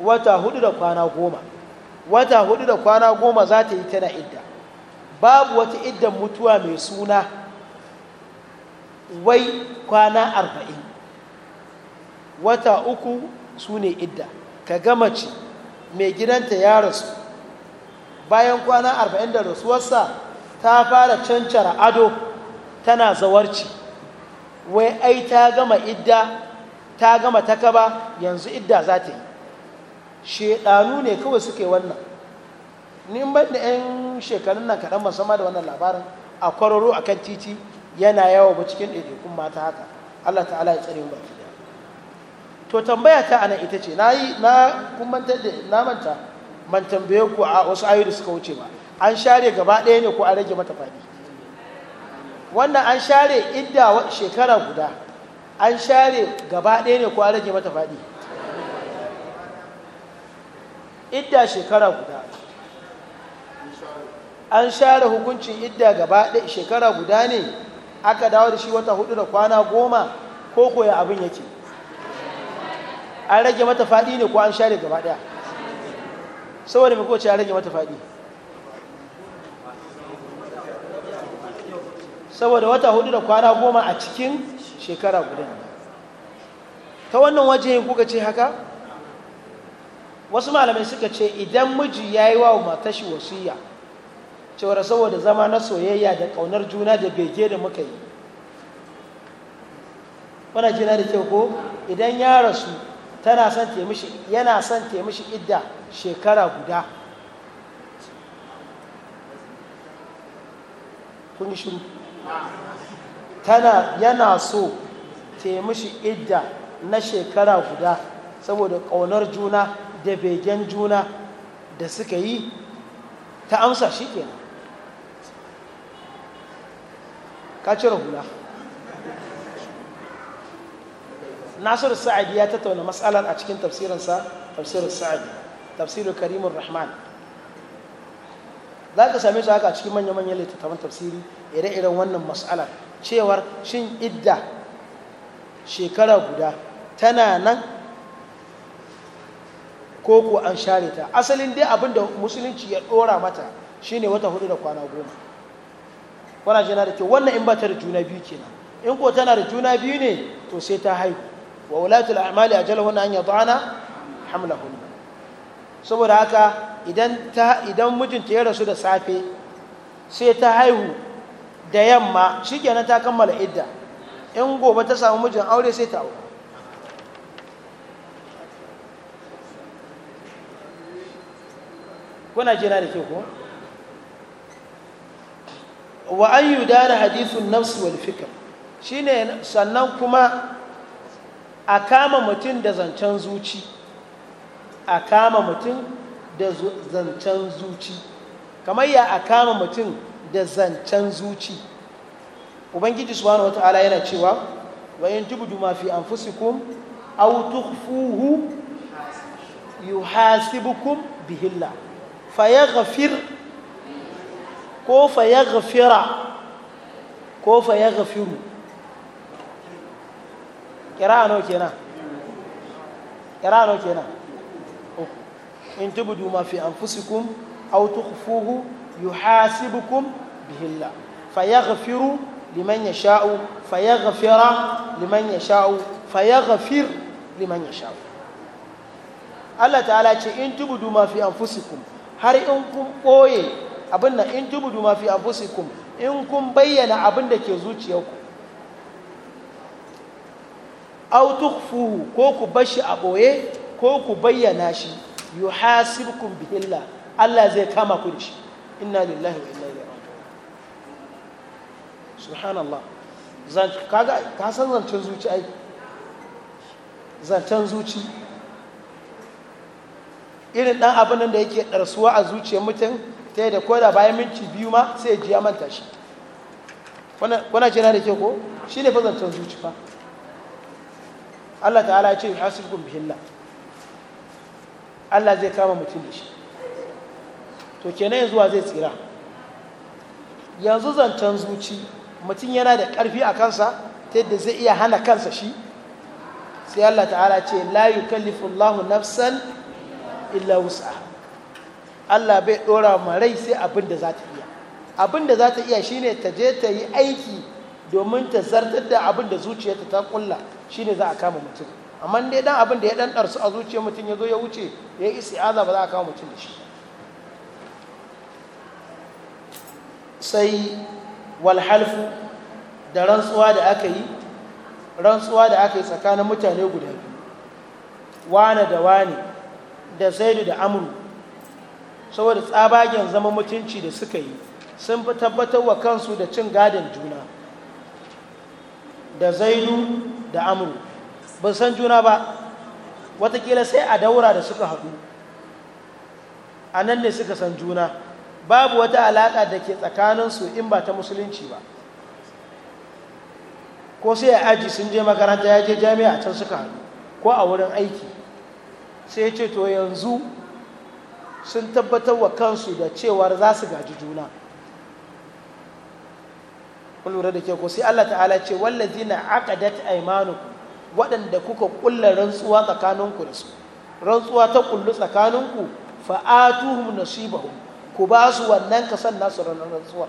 wata hudu da kwana goma wata hudu da kwana goma za ta yi tana idda babu wata idan mutuwa mai suna wai kwana arba'in wata uku su ne idda ka gama ce mai gidanta ya rasu bayan kwana arba'in da rasuwarsa ta fara cancara ado tana zawarci wai ai ta gama idda ta gama takaba yanzu idda za ta yi shaidanu ne kawai suke wannan ni ban da 'yan shekarun nan kaɗan musamman da wannan labarin a kwararo a kan titi yana yawo ba cikin ɗaiɗaikun mata haka allah ta'ala ya tsare baki da to tambaya ta ana ita ce na yi na manta na manta man tambaye ku a wasu ayoyi da suka wuce ba an share gaba ɗaya ne ko a rage mata faɗi wannan an share idda shekara guda an share gaba ɗaya ne ko a rage mata faɗi idda shekara guda an share hukuncin idda gaba ɗaya shekara guda ne aka dawo da shi wata hudu da kwana goma ko koya abin yake an rage mata faɗi ne ko an share gaba ɗaya saboda mai kowace an rage mata faɗi saboda wata hudu da kwana goma a cikin shekara guda ne ta wannan wajen kuka ce haka wasu malamai suka ce idan miji ya yi wa matashi wasiya cewar saboda zama na soyayya da kaunar juna da bege da muka yi wana jina da kyau ko idan ya rasu tana son taimishi yana son taimishi idda shekara guda kun yi tana yana so taimishi idda na shekara guda saboda kaunar juna da begen juna da suka yi ta amsa shi kenan ka cire hula nasir sa'adi ya tattauna matsalar a cikin tafsirinsa tafsirin sa'adi tafsirin karimun rahman za ka same su haka a cikin manya-manyan littattafan tafsiri ire-iren wannan matsalar cewar shin idda shekara guda tana nan ko ko an share ta asalin dai abin da musulunci ya ɗora mata shine wata hudu da kwana goma kuna na da kyau wannan in ba ta da juna biyu kenan in ko tana da juna biyu ne to sai ta haihu wa wulatul a'mali ajalahunna an yad'ana hamlahunna saboda haka idan ta idan mijinta ya rasu da safe sai ta haihu da yamma shikenan ta kammala idda in gobe ta samu mijin aure sai ta aure kuna jina da ke ko wa an dara hadithun nafsu wal shi shine sannan kuma a kama mutum da zancen zuci a kama mutum da zancen zuci kamar ya a kama mutum da zancen zuci ubangiji subhanahu wata'ala yana cewa wa in tubdu ma fi anfusikum aw tukhfuhu yuhasibukum bihillah fayaghfir ko fa ya gafira ko fa ya gafiru kira nawa kenan kira nawa kenan in tubdu ma fi anfusikum aw tukhfuhu yuhasibukum bihi Allah fayaghfiru liman yasha'u fayaghfira liman yasha'u fayaghfir liman yasha'u Allah ta'ala ce in tubdu ma fi anfusikum har in kun boye abin nan in tubudu ma fi anfusikum in kun bayyana abin da ke zuciyarku aw tukfu ko ku bashi a boye ko ku bayyana shi yuhasibkum bihillah Allah zai kama ku da shi inna lillahi wa inna ilaihi raji'un subhanallah zan kaga ka san zancen zuci ai zancen zuci irin dan abin da yake darsuwa a zuciyar mutum ta da ko da bayan minti biyu ma sai ji ya manta shi kuna na da ke ko shi ne fazancen zuci fa Allah ta'ala ya ce hasibkum bihillah Allah zai kama mutum da shi to kenan yanzu zai tsira yanzu zancen zuci mutum yana da ƙarfi a kansa ta yadda zai iya hana kansa shi sai Allah ta'ala ce la yukallifu Allahu nafsan illa wus'aha Allah bai ɗora ma rai sai abin da za ta iya abin da za ta iya shine ta je ta yi aiki domin ta zartar da abin da zuciyarta ta kulla shine za a kama mutum amma dai dan abin da ya dan darsu a zuciyar mutum ya zo ya wuce ya yi isti'aza ba za a kama mutum da shi sai walhalfu da rantsuwa da aka yi rantsuwa da aka yi tsakanin mutane guda biyu wane da wane da zaidu da amru saboda tsabagen zama mutunci da suka yi sun fi tabbatar wa kansu da cin gadon juna da zainu da amuru ban san juna ba watakila sai a daura da suka haɗu a nan ne suka san juna babu wata alaƙa da ke tsakanin su in ba ta musulunci ba ko sai a aji sun je makaranta ya je jami'a can suka haɗu ko a wurin aiki sai ce to yanzu sun tabbatar wa kansu da cewar za su gaji juna kun da ke ko sai Allah ta'ala ce na aqadat aymanukum waɗanda kuka kullar rantsuwa tsakaninku da su rantsuwa ta kullu tsakaninku fa'atuhum nasibahum ku ba su wannan kasan nasu ranar rantsuwar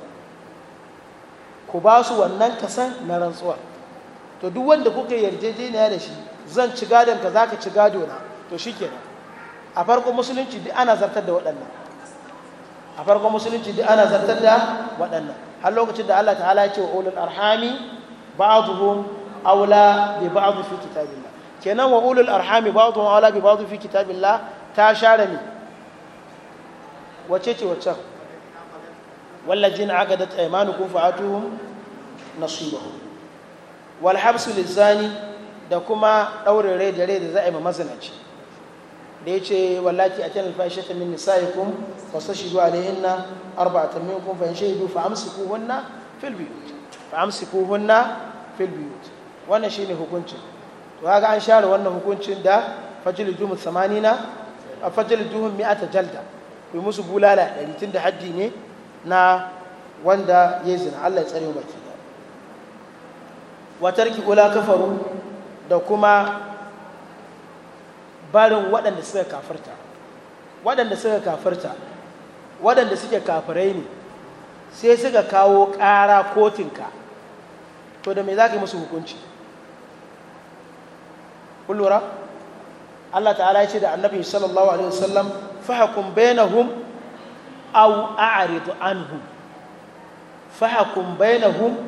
ku ba su wannan kasan na rantsuwar to duk wanda kuka yarjejeniya da shi zan ci gadon ka zaka ci gado na to shikenan a farkon musulunci duk ana zartar da waɗannan a farkon musulunci duk ana zartar da waɗannan har lokacin da Allah ta'ala ya ce wa ulul arhami ba'dhum aula bi ba'd fi kitabillah kenan wa ulul arhami ba'dhum aula bi ba'd fi kitabillah ta share ni wace ce wacce wallajin agadat aymanukum fa'atuhum nasibahum wal habsu lizani da kuma daure rai da rai da za a yi mazinaci da ya ce wallaki a kyanar fashi ta min nisa'ikum fa sa shigo alaihinna arba'atan minkum fa in shahidu fa amsikuhunna fil biyut fa amsikuhunna fil biyut wannan shi ne hukuncin to kaga an share wannan hukuncin da fajil juhum samanina a fajil juhum mi'ata jalda ku musu bulala ɗari tun da haddi ne na wanda ya zina Allah ya tsare baki da wa tarki ula kafaru da kuma barin waɗanda suka kafarta waɗanda suka kafarta waɗanda suke kafirai ne sai suka kawo ƙara kotinka to da me za ka yi musu hukunci kullura Allah ta'ala ya ce da annabi sallallahu alaihi wasallam fahakum bainahum aw a'rid anhum fahakum bainahum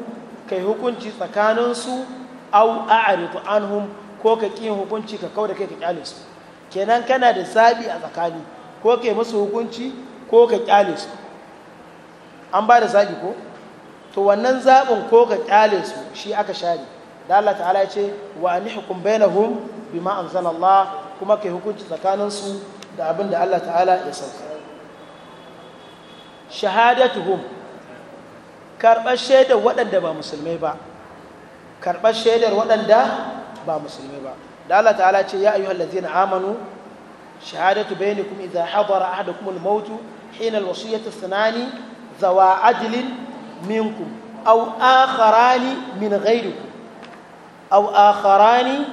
kai hukunci tsakaninsu aw an anhum ko ka ƙi hukunci ka kauda kai ka kyale su kenan kana da zaɓi a tsakani ko kai musu hukunci ko ka ƙyale su an ba da ko to wannan zaɓin ko ka ƙyale su shi aka share da Allah ta'ala ya ce wa an hukum bainahum bima anzalallah kuma kai hukunci tsakanin su da abin da Allah ta'ala ya sauka shahadatuhum karɓar shaidar waɗanda ba musulmai ba karɓar shaidar waɗanda ba musulmai ba da Allah ta'ala ce ya ayyuhal ladzina amanu shahadatu bainakum idza hadara ahadakum al-maut hina al-wasiyatu thanani zawa adlin minkum aw akharani min ghayrikum aw akharani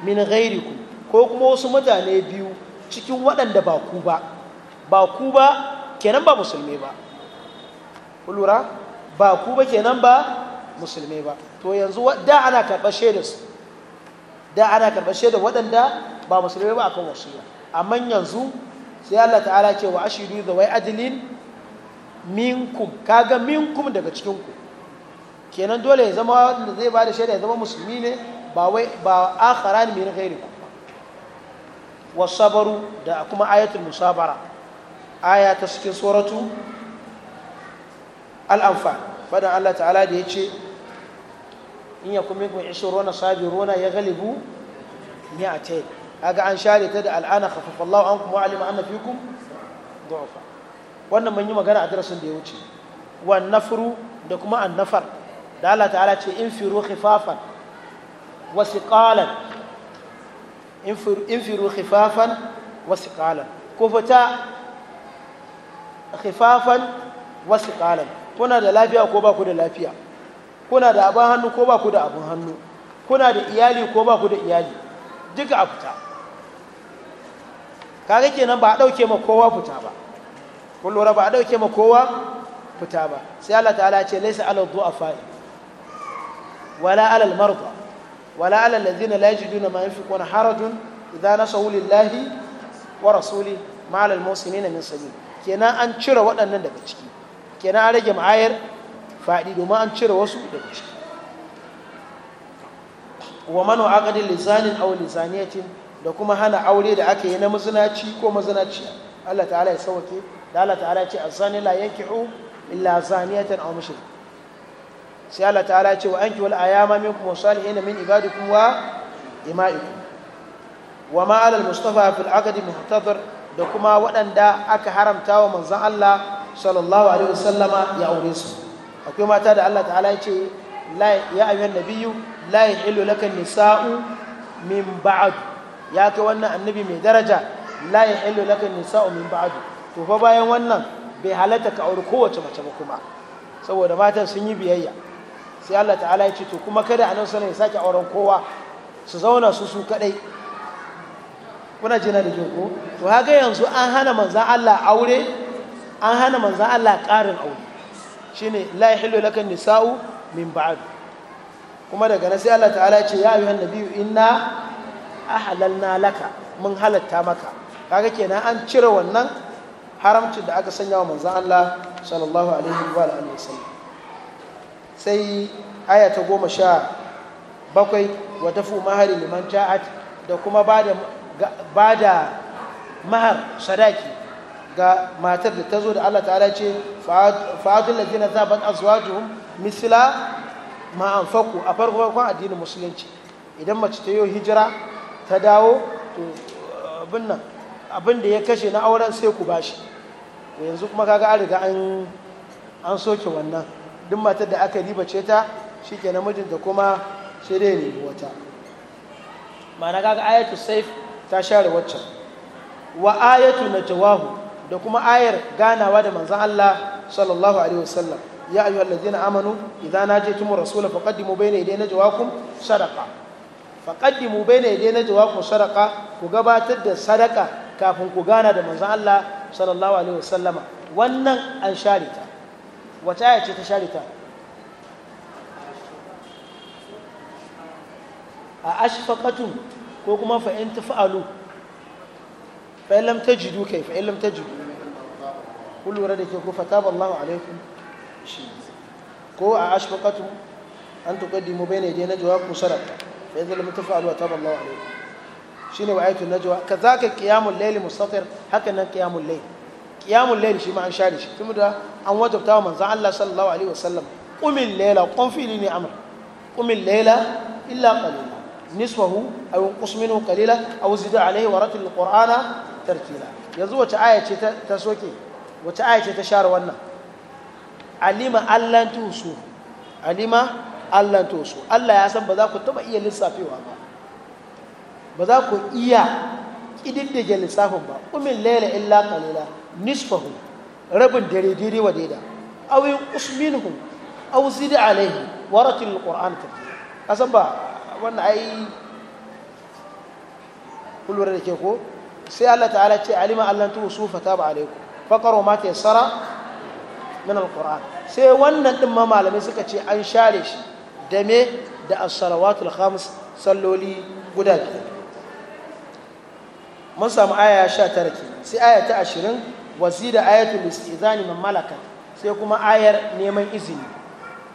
min ghayrikum ko kuma wasu mutane biyu cikin waɗanda ba ku ba ba ku ba kenan ba musulmi ba ku lura ba ku ba kenan ba musulmi ba to yanzu da ana karɓar shaidarsu da ana karɓar shaidar waɗanda ba musulmai ba akan wasiya amma yanzu sai Allah ta'ala ce wa ashidu da wai adilin minkum kaga minkum daga cikinku kenan dole ya zama zai ba da shaida ya zama musulmi ne ba wai ba akhara ne min wasu sabaru da kuma ayatul musabara aya ta cikin suratu al-anfal fadan Allah ta'ala da yace in yakum minkum 20 sabiruna yaghlibu mi'atayn kaga an share ta da al'ana khaffafa Allahu ankum wa alima anna fikum du'afa wannan mun yi magana a darasin da ya wuce wa nafru da kuma an nafar da Allah ta'ala ce in firu khifafan wa siqalan in firu khifafan wa siqalan ko fata khifafan wa siqalan kuna da lafiya ko ba ku da lafiya kuna da abin hannu ko ba ku da abin hannu kuna da iyali ko ba ku da iyali duka a fita kaga kenan ba a ɗauke ma kowa fita ba kun lura ba a ɗauke ma kowa fita ba sai Allah ta'ala ce laisa alal du'afa wala alal marda wala alal ladina la yajiduna ma yunfiquna harajun idza nasahu lillahi wa rasuli ma alal muslimina min sabil kenan an cire waɗannan daga ciki kenan an rage ma'ayar faɗi domin an cire wasu daga ciki wa manu aqdin lisanin aw lisaniyatin da kuma hana aure da aka yi na mazinaci ko mazinaciya Allah ta'ala ya sauke da Allah ta'ala ya ce azani la yankihu illa zaniyatan aw mushrik sai Allah ta'ala ya ce wa anki wal ayama minkum wa salihin min ibadikum wa ima'ikum wa ma ala al mustafa fil aqd muhtadhar da kuma waɗanda aka haramta wa manzon Allah sallallahu alaihi wasallama ya aure su akwai mata da Allah ta'ala ya ce ya biyu, layin la yahillu laka nisa'u min ba'adu. ya kai wannan annabi mai daraja la yahillu laka nisa'u min ba'adu. to fa bayan wannan bai halatta ka auri kowace mace ba kuma saboda matan sun yi biyayya sai Allah ta'ala ya ce to kuma kada a nan alaihi ya sake auren kowa su zauna su su kadai kuna jina da jinko to haka yanzu an hana manzan Allah aure an hana manzan Allah ƙarin aure shine la yahillu laka nisa'u min ba'ad kuma daga nasi sai Allah ta'ala ya ce ya biyu nabiyyu inna ahlalna laka mun halatta maka kaga kenan an cire wannan haramcin da aka sanya wa manzan Allah sallallahu alaihi wa alihi sai aya ta goma sha bakwai wata fi mahari liman ja'at da kuma ba da mahar sadaki ga matar da ta zo da Allah ta'ala ce Fa'adun ladina zabat azwajuhum misila ma anfaqu a farko farkon addinin musulunci idan mace ta yi hijira ta dawo to abin nan abin da ya kashe na auren sai ku bashi yanzu kuma kaga an riga an soke wannan duk matar da aka ribace ta shi ke namijin da kuma sai dai ne wata ma'ana kaga ayatu saif ta share waccan wa ayatu na jawahu. da kuma ayar ganawa da manzan Allah sallallahu alaihi wasallam ya ayyuhal ladina amanu idza najaytum rasula faqaddimu bayna yaday najwakum sadaqa faqaddimu bayna yaday najwakum sadaqa ku gabatar da sadaka kafin ku gana da manzan Allah sallallahu alaihi wasallama wannan an sharita wata aya ce ta sharita. a a ashfaqatum ko kuma fa in tafa'alu فإن لم تجدوا كيف فإن لم تجدوا كل ورد يقول فتاب الله عليكم كو أشفقتم أن تقدموا بين يدي نجوى صدقة فإذا لم تفعلوا تاب الله عليكم شنو وعيت النجوى كذاك قيام الليل مستطر هكذا قيام الليل قيام الليل شيء ما أنشاري شيء ثم ده أن وجب تاو من الله صلى الله عليه وسلم قم الليل وقم في ليني أمر قم الليل إلا قليلا نصفه أو انقص منه قليلا أو زد عليه ورتل القرآن tarkila yanzu wace aya ce ta soke wace aya ce ta share wannan alima allan tusu alima allan tusu Allah ya san ba za ku taba iya lissafewa ba ba za ku iya kididdige lissafin ba umin laila illa qalila nisfahu rabin dare dare wa daida aw yusminhu aw zid alaihi waratil qur'an tartila kasan ba wannan ai kulwar da ke ko sai Allah ta'ala ce alima Allah tu su fata ba alaiku fakaro ma ta yassara min alquran sai wannan din ma malamai suka ce an share shi da me da as-salawatul khams salloli guda biyar mun samu aya 19 ke sai aya ta 20 wazida ayatu istizani man malaka sai kuma ayar neman izini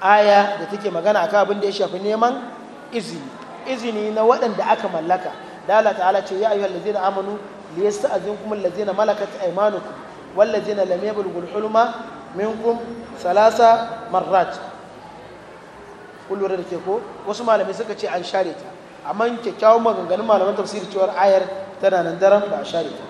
aya da take magana akan abin da ya shafi neman izini izini na waɗanda aka mallaka da Allah ta'ala ce ya ayyuhal ladzina amanu liyasta'zinkum allazina malakat aymanukum na lam yablughu hulma minkum salasa marrat kun da ke wasu malamai suka ce an share ta amma kyakkyawan maganganun malamai tafsiri cewar ayar tana nan daren ba a share ta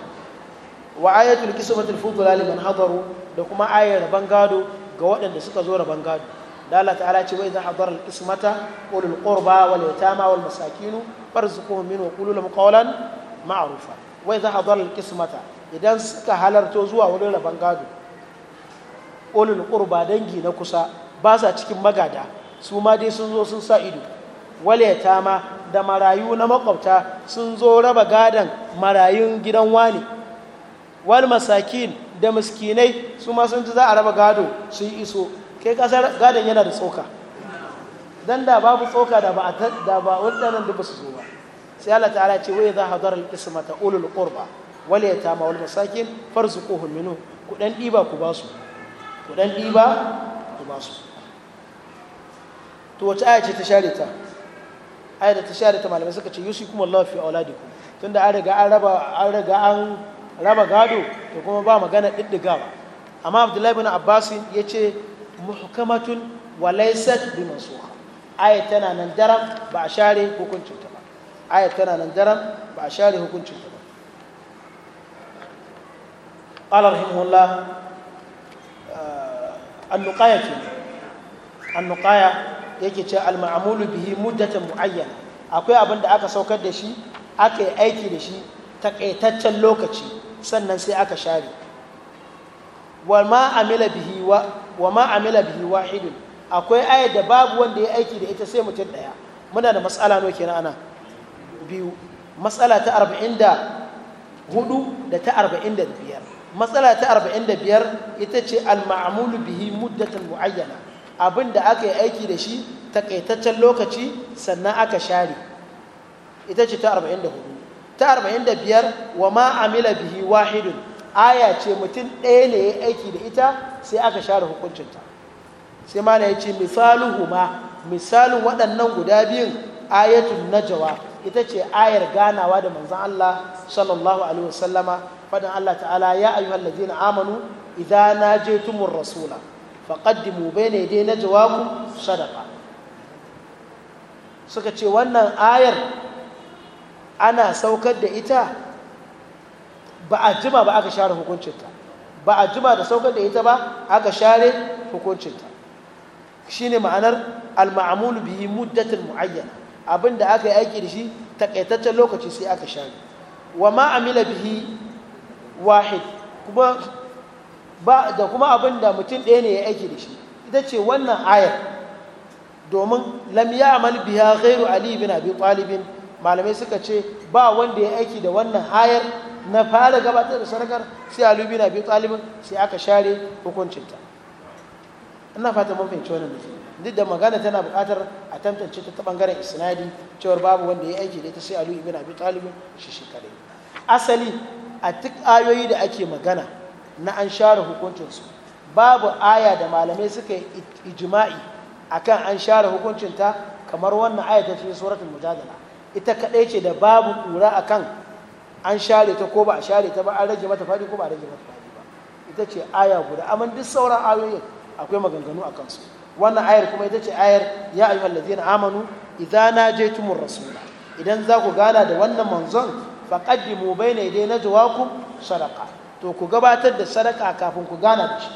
wa ayatul kismatul fudula liman hadaru da kuma ayar rabon gado ga waɗanda suka zo rabon gado da Allah ta'ala ce wai za hadar al-ismata ulul qurba wal yatama wal masakin farzuquhum min wa qulu lahum qawlan ma'rufa wai za a zo kismata idan suka halarto zuwa wurin rabon gado ƙolin ƙurba dangi na kusa ba sa cikin magada su ma dai sun zo sun sa ido waleta ma da marayu na makwabta sun zo raba gadon marayun gidan wani wal masakin da miskinai su ma sun ji za a raba gado sun iso kai kasar gadon yana da tsoka dan da babu tsoka da ba da ba waɗannan da ba su zo ba sai Allah ta'ala ce wai za hadar al-qismata ulul qurba wal yatama wal masakin farzuquhum minhu ku dan diba ku basu ku dan diba ku basu to wace aya ce ta share ta aya da ta share ta malamai suka ce yusikum Allah fi auladikum tunda an riga an raba an riga an raba gado to kuma ba magana diddigawa amma Abdullahi ibn Abbas yace muhkamatun wa laysat bi mansukha aya tana nan daram ba a share hukuncin ta ayat tana nan daram ba a share hukuncin ta ba qala rahimahullah uh, annuqaya ke nuqaya yake ce al-ma'mulu bihi muddatan muayyana akwai abin da aka saukar da shi aka yi aiki da shi takaitaccen lokaci sannan sai aka share wa ma amila bihi wa ma wahidun akwai ayat da babu wanda ya aiki da ita sai mutum daya muna da matsala no kenan ana biyu matsala ta arba'in da hudu da ta arba'in da biyar matsala ta arba'in da biyar ita ce al bihi muddatan mu'ayyana abin da aka yi aiki da shi takaitaccen lokaci sannan aka share ita ce ta arba'in da hudu ta arba'in da biyar wa ma'amila bihi wahidun aya ce mutum ɗaya ne ya aiki da ita sai aka share hukuncinta sai ma ya ce misaluhu ma misalin waɗannan guda biyun ayatun najawa ita ce ayar ganawa da manzon Allah sallallahu alaihi wasallama fadan Allah ta'ala ya ayyuhal ladina amanu idza najaytumur rasula faqaddimu bayna yaday najwakum sadaqa suka ce wannan ayar ana saukar da ita ba a jima ba aka share hukuncinta ba a jima da saukar da ita ba aka share hukuncinta shine ma'anar al-ma'mul muddatin muddatul muayyana abin da aka yi aiki da shi takaitaccen lokaci sai aka share wa ma amila bihi wahid kuma ba da kuma abin da mutum ɗaya ne ya aiki da shi ita ce wannan ayar domin lam ya amal biya ghairu ali bin abi talibin malamai suka ce ba wanda ya aiki da wannan ayar na fara gabatar da sarakar sai ali bin abi talibin sai aka share hukuncinta ina fata mun fahimci wannan duk da magana tana buƙatar a tantance ta ta bangaren isnadi cewar babu wanda ya aiki da ita sai alu ibn abi talibin shi shi kare asali a duk ayoyi da ake magana na an share hukuncin babu aya da malamai suka yi ijma'i akan an share hukuncin ta kamar wannan aya ta cikin suratul mujadala ita kadai ce da babu kura akan an share ta ko ba a share ta ba an rage mata fadi ko ba a rage mata fadi ba ita ce aya guda amma duk sauran ayoyin akwai maganganu a kansu wannan ayar kuma ita ce ayar ya ayyuhal ladzina amanu idza najaytumur rasula idan za ku gana da wannan manzon faqaddimu bayna yaday najwakum sadaqa to ku gabatar da sadaka kafin ku gana da shi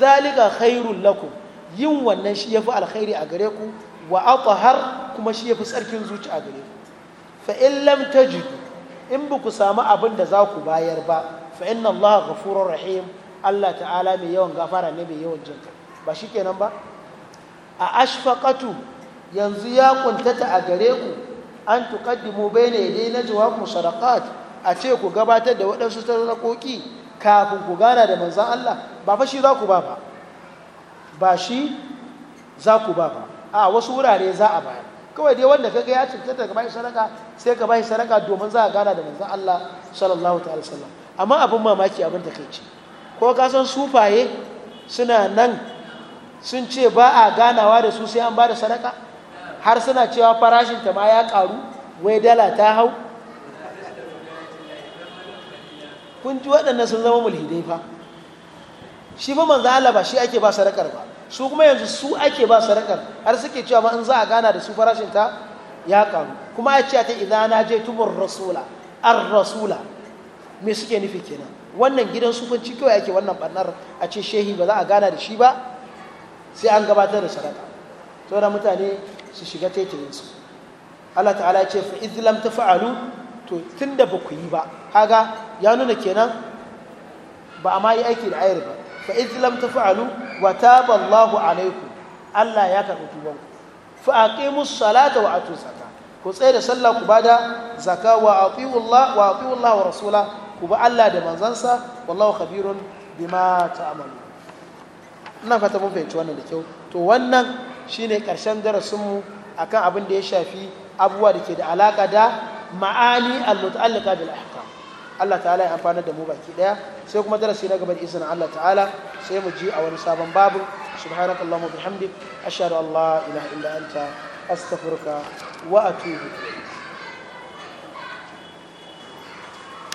zalika khairul lakum yin wannan shi yafi alkhairi a gare ku wa athhar kuma shi yafi tsarkin zuci a gare ku fa in lam tajidu in ba ku samu abin da za ku bayar ba fa inna allaha ghafurur rahim Allah ta'ala mai yawan gafara ne mai yawan jinkai ba shi kenan ba a ashfaqatu yanzu ya kuntata a gare ku an tuqaddimu bayna na jawabu sadaqat a ce ku gabatar da waɗansu sadaqoki kafin ku gana da manzon Allah ba fa shi za ku ba ba ba shi za ku ba ba a wasu wurare za a bayar kawai dai wanda kaga ya tuntata ka bai sadaka sai ka bai sadaka domin za a gana da manzon Allah sallallahu ta'ala sallam amma abin mamaki abin ce ko ka san sufaye suna nan sun ce ba a ganawa da su sai an ba da sadaka har suna cewa farashinta ma ya karu wai dala ta hau kun ji waɗannan sun zama mulhidai fa shi fa manzo Allah ba shi ake ba sadakar ba su kuma yanzu su ake ba sadakar har suke cewa ma in za a gana da su farashinta ya karu kuma ya ce ta idan na je tubur rasula ar rasula me suke nufi kenan wannan gidan sufanci kawai ake wannan barnar a ce shehi ba za a gana da shi ba sai an gabatar da sadaka saboda mutane su shiga taitayin su Allah ta'ala ya ce fa idh lam tafa'alu to tunda ba ku yi ba haga ya nuna kenan ba a ma yi aiki da ayar ba fa idh lam tafa'alu wa taba Allahu alaikum Allah ya karɓi tuban ku fa aqimus salata wa atu zakat ku tsaye da sallah ku bada zaka wa a Allah wa Allah wa rasula ku ba Allah da manzansa wallahu khabirun bima ta'malun ina fata mun fahimci wannan da kyau to wannan shine karshen darasinmu akan abin da ya shafi abubuwa da ke da alaka da ma'ani al mutallaqa bil ahkam Allah ta'ala ya amfana da mu baki daya sai kuma darasi na gaba da izinin Allah ta'ala sai mu ji a wani sabon babu subhanakallahumma allahumma bihamdik ashhadu an la ilaha illa anta astaghfiruka wa atubu ilayk